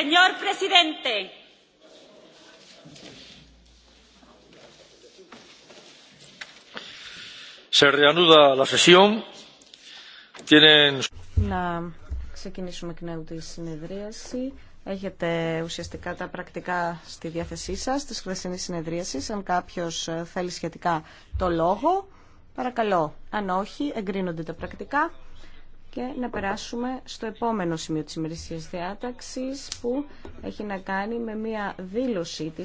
Señor presidente. Se reanuda la sesión. Tienen... Να ξεκινήσουμε εκ τη συνεδρίαση. Έχετε ουσιαστικά τα πρακτικά στη διάθεσή σας της χθεσινή συνεδρίαση. Αν κάποιος ε, θέλει σχετικά το λόγο, παρακαλώ. Αν όχι, εγκρίνονται τα πρακτικά και να περάσουμε στο επόμενο σημείο της ημερησίας διάταξης που έχει να κάνει με μια δήλωση της